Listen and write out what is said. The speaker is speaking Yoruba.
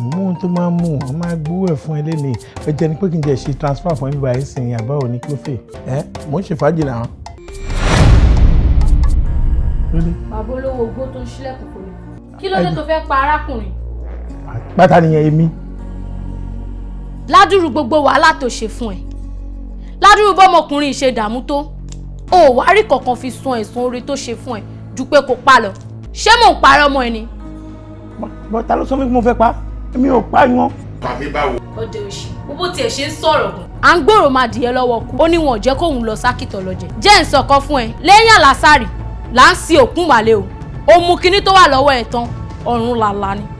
mú ohun tó máa mú wọn máa gbówó ẹ̀ fún ẹ lẹ́nu ẹ jẹ́ ni pé kí n jẹ́ ṣe transfer fún ẹbí báyìí sìn àbá òní kí ló fè ẹ mò ń ṣe fàájì náà. bàbá olówó ogbó tó ń ṣílẹ̀kùn kò ní kí ló dé tó fẹ́ pa arákùnrin. pátá nìyẹn èmi. ládùúrú gbogbo wàhálà tó ṣe fún ẹ ládùúrú bọ́mọkùnrin ìṣe dààmú tó o ò wá rí kankan fi sun ẹ̀sùn oore tó ṣe fún ẹ ju pé kò pa lọ ṣé mò ń parọ́ ọmọ ẹ ni. bọ́tà ló sọ fún mi pé mo fẹ́ pa á mi ò pààyàn. pàmí báwo. ọdẹ òṣì bó tiẹ̀ ṣe ń sọ̀rọ̀ gan. à ń gbòòrò máa dìyẹ lọ́wọ́ kú ó ní wọn ò jẹ́ kóun lọ sákìtọ̀ lọ jẹ. jẹ́ ń fún ẹ lẹ́yìn àlásàrì là ń sin òkú wálé o ó mú kinní tó wà lọ́wọ́ ẹ̀ tán ọ̀run làlá ni.